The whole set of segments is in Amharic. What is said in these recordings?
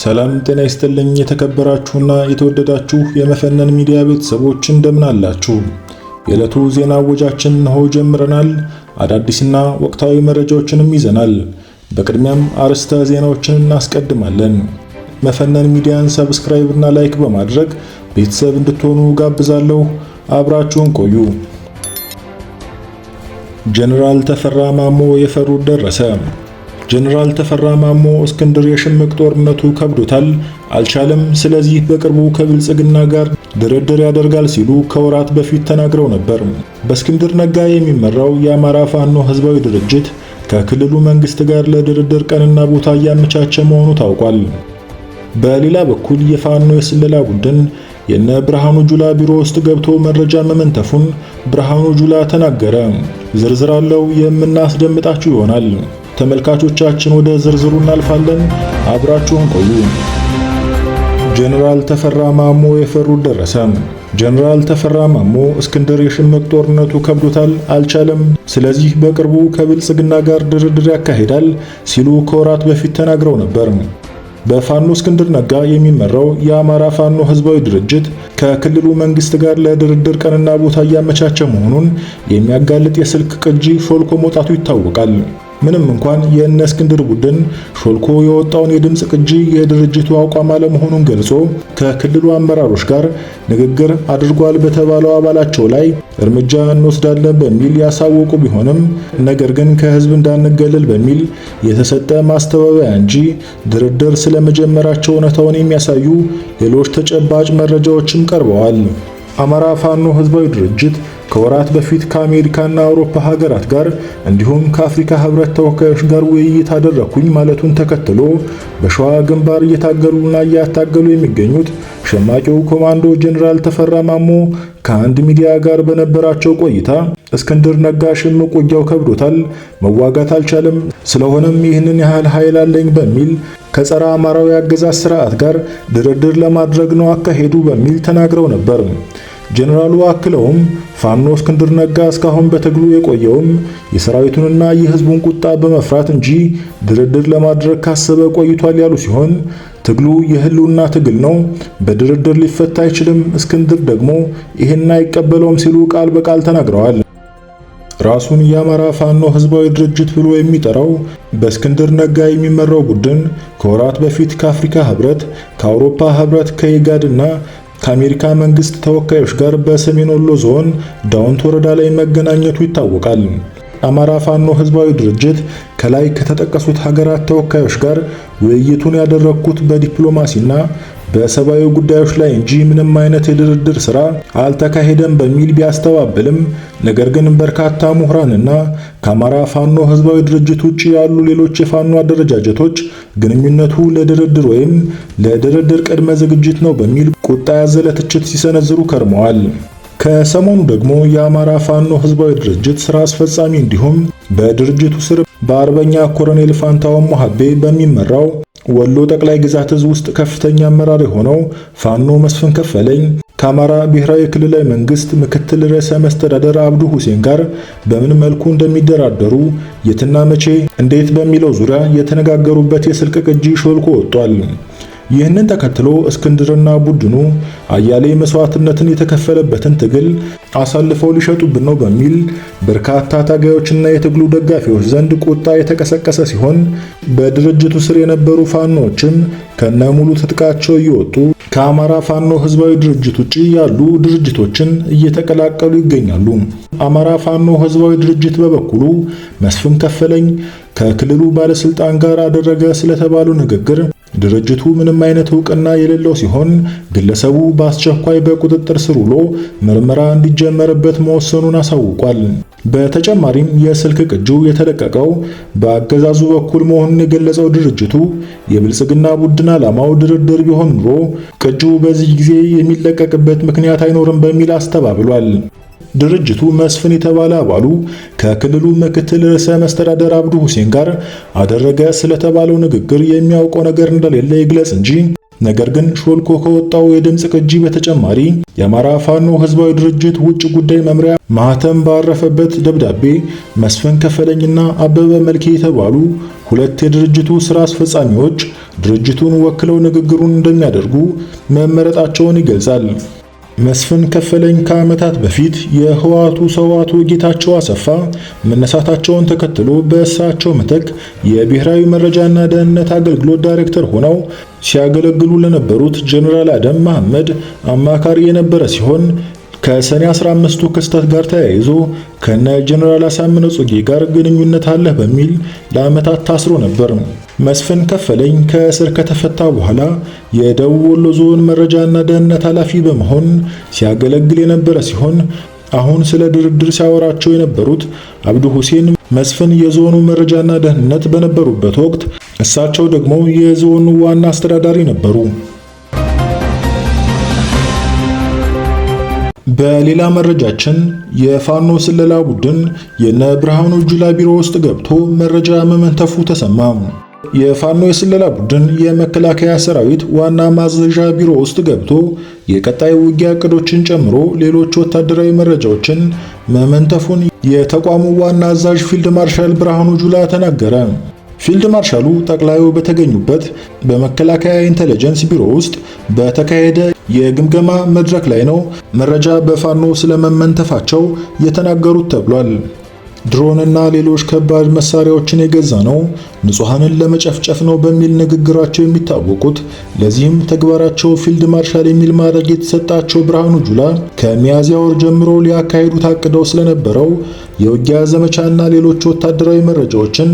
ሰላም ጤና ይስጥልኝ። የተከበራችሁና የተወደዳችሁ የመፈነን ሚዲያ ቤተሰቦች እንደምን አላችሁ? የዕለቱ ዜና ወጃችን እንሆ ጀምረናል። አዳዲስና ወቅታዊ መረጃዎችንም ይዘናል። በቅድሚያም አርዕስተ ዜናዎችን እናስቀድማለን። መፈነን ሚዲያን ሰብስክራይብ እና ላይክ በማድረግ ቤተሰብ እንድትሆኑ ጋብዛለሁ። አብራችሁን ቆዩ። ጀነራል ተፈራ ማሞ የፈሩት ደረሰ። ጀነራል ተፈራ ማሞ እስክንድር የሽምቅ ጦርነቱ ከብዶታል፣ አልቻለም። ስለዚህ በቅርቡ ከብልጽግና ጋር ድርድር ያደርጋል ሲሉ ከወራት በፊት ተናግረው ነበር። በእስክንድር ነጋ የሚመራው የአማራ ፋኖ ህዝባዊ ድርጅት ከክልሉ መንግስት ጋር ለድርድር ቀንና ቦታ እያመቻቸ መሆኑ ታውቋል። በሌላ በኩል የፋኖ የስለላ ቡድን የነ ብርሃኑ ጁላ ቢሮ ውስጥ ገብቶ መረጃ መመንተፉን ብርሃኑ ጁላ ተናገረ። ዝርዝር አለው የምናስደምጣችሁ ይሆናል። ተመልካቾቻችን ወደ ዝርዝሩ እናልፋለን። አብራችሁን ቆዩ። ጀነራል ተፈራ ማሞ የፈሩት ደረሰ። ጀነራል ተፈራ ማሞ እስክንድር የሽምቅ ጦርነቱ ከብዶታል፣ አልቻለም። ስለዚህ በቅርቡ ከብልጽግና ጋር ድርድር ያካሂዳል ሲሉ ከወራት በፊት ተናግረው ነበር። በፋኖ እስክንድር ነጋ የሚመራው የአማራ ፋኖ ህዝባዊ ድርጅት ከክልሉ መንግስት ጋር ለድርድር ቀንና ቦታ እያመቻቸ መሆኑን የሚያጋልጥ የስልክ ቅጂ ሾልኮ መውጣቱ ይታወቃል። ምንም እንኳን የእነ እስክንድር ቡድን ሾልኮ የወጣውን የድምፅ ቅጂ የድርጅቱ አቋም አለመሆኑን ገልጾ ከክልሉ አመራሮች ጋር ንግግር አድርጓል በተባለው አባላቸው ላይ እርምጃ እንወስዳለን በሚል ያሳወቁ ቢሆንም ነገር ግን ከህዝብ እንዳንገለል በሚል የተሰጠ ማስተባበያ እንጂ ድርድር ስለመጀመራቸው እውነታውን የሚያሳዩ ሌሎች ተጨባጭ መረጃዎችም ቀርበዋል። አማራ ፋኖ ህዝባዊ ድርጅት ከወራት በፊት ከአሜሪካና አውሮፓ ሀገራት ጋር እንዲሁም ከአፍሪካ ህብረት ተወካዮች ጋር ውይይት አደረኩኝ ማለቱን ተከትሎ በሸዋ ግንባር እየታገሉና እያታገሉ የሚገኙት ሸማቂው ኮማንዶ ጀኔራል ተፈራ ማሞ ከአንድ ሚዲያ ጋር በነበራቸው ቆይታ እስክንድር ነጋ ሽምቅ ውጊያው ከብዶታል፣ መዋጋት አልቻለም፣ ስለሆነም ይህንን ያህል ኃይል አለኝ በሚል ከጸረ አማራዊ አገዛዝ ስርዓት ጋር ድርድር ለማድረግ ነው አካሄዱ በሚል ተናግረው ነበር። ጀነራሉ አክለውም ፋኖ እስክንድር ነጋ እስካሁን በትግሉ የቆየውም የሰራዊቱንና የህዝቡን ቁጣ በመፍራት እንጂ ድርድር ለማድረግ ካሰበ ቆይቷል ያሉ ሲሆን ትግሉ የህልውና ትግል ነው፣ በድርድር ሊፈታ አይችልም፣ እስክንድር ደግሞ ይህን አይቀበለውም ሲሉ ቃል በቃል ተናግረዋል። ራሱን የአማራ ፋኖ ህዝባዊ ድርጅት ብሎ የሚጠራው በእስክንድር ነጋ የሚመራው ቡድን ከወራት በፊት ከአፍሪካ ህብረት፣ ከአውሮፓ ህብረት፣ ከኢጋድና ከአሜሪካ መንግስት ተወካዮች ጋር በሰሜን ወሎ ዞን ዳውንት ወረዳ ላይ መገናኘቱ ይታወቃል። አማራ ፋኖ ህዝባዊ ድርጅት ከላይ ከተጠቀሱት ሀገራት ተወካዮች ጋር ውይይቱን ያደረግኩት በዲፕሎማሲና በሰብአዊ ጉዳዮች ላይ እንጂ ምንም አይነት የድርድር ስራ አልተካሄደም በሚል ቢያስተባብልም ነገር ግን በርካታ ምሁራንና ከአማራ ፋኖ ህዝባዊ ድርጅት ውጭ ያሉ ሌሎች የፋኖ አደረጃጀቶች ግንኙነቱ ለድርድር ወይም ለድርድር ቅድመ ዝግጅት ነው በሚል ቁጣ ያዘለ ትችት ሲሰነዝሩ ከርመዋል። ከሰሞኑ ደግሞ የአማራ ፋኖ ህዝባዊ ድርጅት ስራ አስፈጻሚ እንዲሁም በድርጅቱ ስር በአርበኛ ኮሎኔል ፋንታውን ሞሐቤ በሚመራው ወሎ ጠቅላይ ግዛት እዝ ውስጥ ከፍተኛ አመራር የሆነው ፋኖ መስፍን ከፈለኝ ከአማራ ብሔራዊ ክልላዊ መንግስት ምክትል ርዕሰ መስተዳደር አብዱ ሁሴን ጋር በምን መልኩ እንደሚደራደሩ የትና መቼ እንዴት በሚለው ዙሪያ የተነጋገሩበት የስልክ ቅጂ ሾልኮ ወጥቷል። ይህንን ተከትሎ እስክንድርና ቡድኑ አያሌ መስዋዕትነትን የተከፈለበትን ትግል አሳልፈው ሊሸጡብን ነው በሚል በርካታ ታጋዮችና የትግሉ ደጋፊዎች ዘንድ ቁጣ የተቀሰቀሰ ሲሆን በድርጅቱ ስር የነበሩ ፋኖዎችም ከነ ሙሉ ትጥቃቸው እየወጡ ከአማራ ፋኖ ህዝባዊ ድርጅት ውጪ ያሉ ድርጅቶችን እየተቀላቀሉ ይገኛሉ። አማራ ፋኖ ህዝባዊ ድርጅት በበኩሉ መስፍን ከፈለኝ ከክልሉ ባለስልጣን ጋር አደረገ ስለተባሉ ንግግር ድርጅቱ ምንም አይነት እውቅና የሌለው ሲሆን ግለሰቡ በአስቸኳይ በቁጥጥር ስር ውሎ ምርመራ እንዲጀመርበት መወሰኑን አሳውቋል። በተጨማሪም የስልክ ቅጂው የተለቀቀው በአገዛዙ በኩል መሆኑን የገለጸው ድርጅቱ የብልጽግና ቡድን ዓላማው ድርድር ቢሆን ኑሮ ቅጂው በዚህ ጊዜ የሚለቀቅበት ምክንያት አይኖርም በሚል አስተባብሏል። ድርጅቱ መስፍን የተባለ አባሉ ከክልሉ ምክትል ርዕሰ መስተዳደር አብዱ ሁሴን ጋር አደረገ ስለተባለው ንግግር የሚያውቀው ነገር እንደሌለ ይግለጽ እንጂ ነገር ግን ሾልኮ ከወጣው የድምፅ ቅጂ በተጨማሪ የአማራ ፋኖ ህዝባዊ ድርጅት ውጭ ጉዳይ መምሪያ ማህተም ባረፈበት ደብዳቤ መስፍን ከፈለኝና አበበ መልኬ የተባሉ ሁለት የድርጅቱ ስራ አስፈጻሚዎች ድርጅቱን ወክለው ንግግሩን እንደሚያደርጉ መመረጣቸውን ይገልጻል። መስፍን ከፈለኝ ከዓመታት በፊት የህወሓቱ ሰው አቶ ጌታቸው አሰፋ መነሳታቸውን ተከትሎ በእሳቸው ምትክ የብሔራዊ መረጃና ደህንነት አገልግሎት ዳይሬክተር ሆነው ሲያገለግሉ ለነበሩት ጀኔራል አደም መሐመድ አማካሪ የነበረ ሲሆን ከሰኔ 15ቱ ክስተት ጋር ተያይዞ ከነ ጀነራል አሳምነ ጽጌ ጋር ግንኙነት አለህ በሚል ለዓመታት ታስሮ ነበር። መስፍን ከፈለኝ ከእስር ከተፈታ በኋላ የደቡብ ወሎ ዞን መረጃና ደህንነት ኃላፊ በመሆን ሲያገለግል የነበረ ሲሆን አሁን ስለ ድርድር ሲያወራቸው የነበሩት አብዱ ሁሴን መስፍን የዞኑ መረጃና ደህንነት በነበሩበት ወቅት እሳቸው ደግሞ የዞኑ ዋና አስተዳዳሪ ነበሩ። በሌላ መረጃችን የፋኖ ስለላ ቡድን የነ ብርሃኑ ጁላ ቢሮ ውስጥ ገብቶ መረጃ መመንተፉ ተሰማ። የፋኖ የስለላ ቡድን የመከላከያ ሰራዊት ዋና ማዘዣ ቢሮ ውስጥ ገብቶ የቀጣይ ውጊያ እቅዶችን ጨምሮ ሌሎች ወታደራዊ መረጃዎችን መመንተፉን የተቋሙ ዋና አዛዥ ፊልድ ማርሻል ብርሃኑ ጁላ ተናገረ። ፊልድ ማርሻሉ ጠቅላዩ በተገኙበት በመከላከያ ኢንተለጀንስ ቢሮ ውስጥ በተካሄደ የግምገማ መድረክ ላይ ነው መረጃ በፋኖ ስለመመንተፋቸው የተናገሩት ተብሏል። ድሮንና ሌሎች ከባድ መሳሪያዎችን የገዛ ነው ንጹሐንን ለመጨፍጨፍ ነው በሚል ንግግራቸው የሚታወቁት ለዚህም ተግባራቸው ፊልድ ማርሻል የሚል ማድረግ የተሰጣቸው ብርሃኑ ጁላ ከሚያዝያ ወር ጀምሮ ሊያካሂዱት አቅደው ስለነበረው የውጊያ ዘመቻና ሌሎች ወታደራዊ መረጃዎችን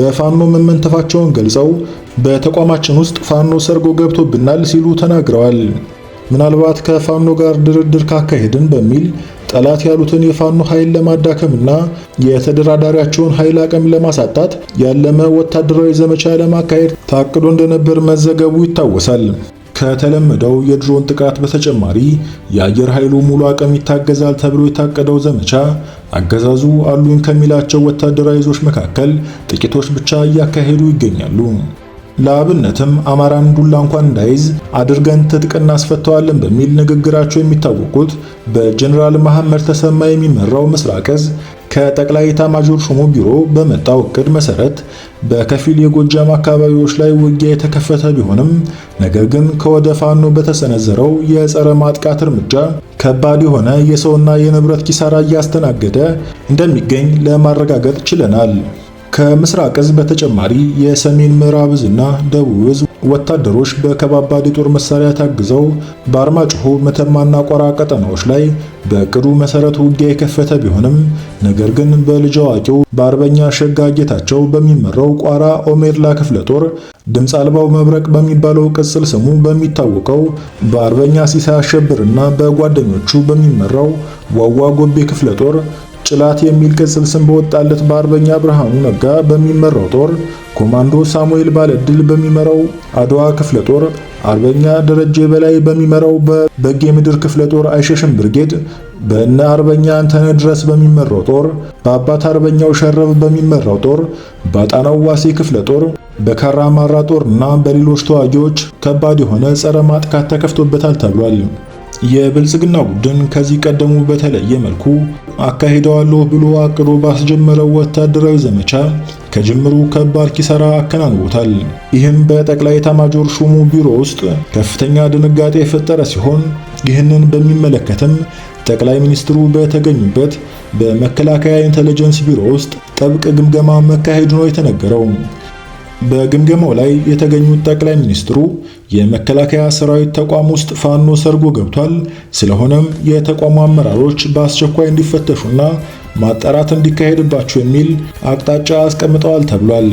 በፋኖ መመንተፋቸውን ገልጸው በተቋማችን ውስጥ ፋኖ ሰርጎ ገብቶብናል ሲሉ ተናግረዋል። ምናልባት ከፋኖ ጋር ድርድር ካካሄድን በሚል ጠላት ያሉትን የፋኖ ኃይል ለማዳከምና የተደራዳሪያቸውን ኃይል አቅም ለማሳጣት ያለመ ወታደራዊ ዘመቻ ለማካሄድ ታቅዶ እንደነበር መዘገቡ ይታወሳል። ከተለመደው የድሮን ጥቃት በተጨማሪ የአየር ኃይሉ ሙሉ አቅም ይታገዛል ተብሎ የታቀደው ዘመቻ አገዛዙ አሉኝ ከሚላቸው ወታደራዊ ይዞች መካከል ጥቂቶች ብቻ እያካሄዱ ይገኛሉ። ለአብነትም አማራን ዱላ እንኳን እንዳይዝ አድርገን ትጥቅ እናስፈተዋለን በሚል ንግግራቸው የሚታወቁት በጀኔራል መሐመድ ተሰማ የሚመራው ምስራቅ እዝ ከጠቅላይ ኤታማዦር ሹሙ ቢሮ በመጣው እቅድ መሰረት በከፊል የጎጃም አካባቢዎች ላይ ውጊያ የተከፈተ ቢሆንም ነገር ግን ከወደ ፋኖ በተሰነዘረው የጸረ ማጥቃት እርምጃ ከባድ የሆነ የሰውና የንብረት ኪሳራ እያስተናገደ እንደሚገኝ ለማረጋገጥ ችለናል። ከምስራቅ እዝ በተጨማሪ የሰሜን ምዕራብ እዝና ደቡብ እዝ ወታደሮች በከባባድ የጦር መሳሪያ ታግዘው በአርማጭሆ መተማና ቆራ ቀጠናዎች ላይ በእቅዱ መሰረት ውጊያ የከፈተ ቢሆንም ነገር ግን በልጅ አዋቂው በአርበኛ ሸጋ ጌታቸው በሚመራው ቋራ ኦሜድላ ክፍለ ጦር ድምፅ አልባው መብረቅ በሚባለው ቅጽል ስሙ በሚታወቀው በአርበኛ ሲሳይ አሸብርና በጓደኞቹ በሚመራው ዋዋ ጎቤ ክፍለ ጦር ጭላት የሚል ቅጽል ስም በወጣለት በአርበኛ ብርሃኑ ነጋ በሚመራው ጦር ኮማንዶ ሳሙኤል ባለድል በሚመራው አድዋ ክፍለ ጦር፣ አርበኛ ደረጀ በላይ በሚመራው በበጌ ምድር ክፍለ ጦር አይሸሽም ብርጌድ፣ በእነ አርበኛ አንተነ ድረስ በሚመራው ጦር፣ በአባት አርበኛው ሸረብ በሚመራው ጦር፣ በጣናው ዋሴ ክፍለ ጦር፣ በካራማራ ጦር እና በሌሎች ተዋጊዎች ከባድ የሆነ ጸረ ማጥቃት ተከፍቶበታል ተብሏል። የብልጽግና ቡድን ከዚህ ቀደሙ በተለየ መልኩ አካሂደዋለሁ ብሎ አቅዶ ባስጀመረው ወታደራዊ ዘመቻ ከጅምሩ ከባድ ኪሳራ አከናንቦታል። ይህም በጠቅላይ ኤታማዦር ሹሙ ቢሮ ውስጥ ከፍተኛ ድንጋጤ የፈጠረ ሲሆን ይህንን በሚመለከትም ጠቅላይ ሚኒስትሩ በተገኙበት በመከላከያ ኢንተለጀንስ ቢሮ ውስጥ ጥብቅ ግምገማ መካሄዱ ነው የተነገረው። በግምገማው ላይ የተገኙት ጠቅላይ ሚኒስትሩ የመከላከያ ሰራዊት ተቋም ውስጥ ፋኖ ሰርጎ ገብቷል፣ ስለሆነም የተቋሙ አመራሮች በአስቸኳይ እንዲፈተሹና ማጣራት እንዲካሄድባቸው የሚል አቅጣጫ አስቀምጠዋል ተብሏል።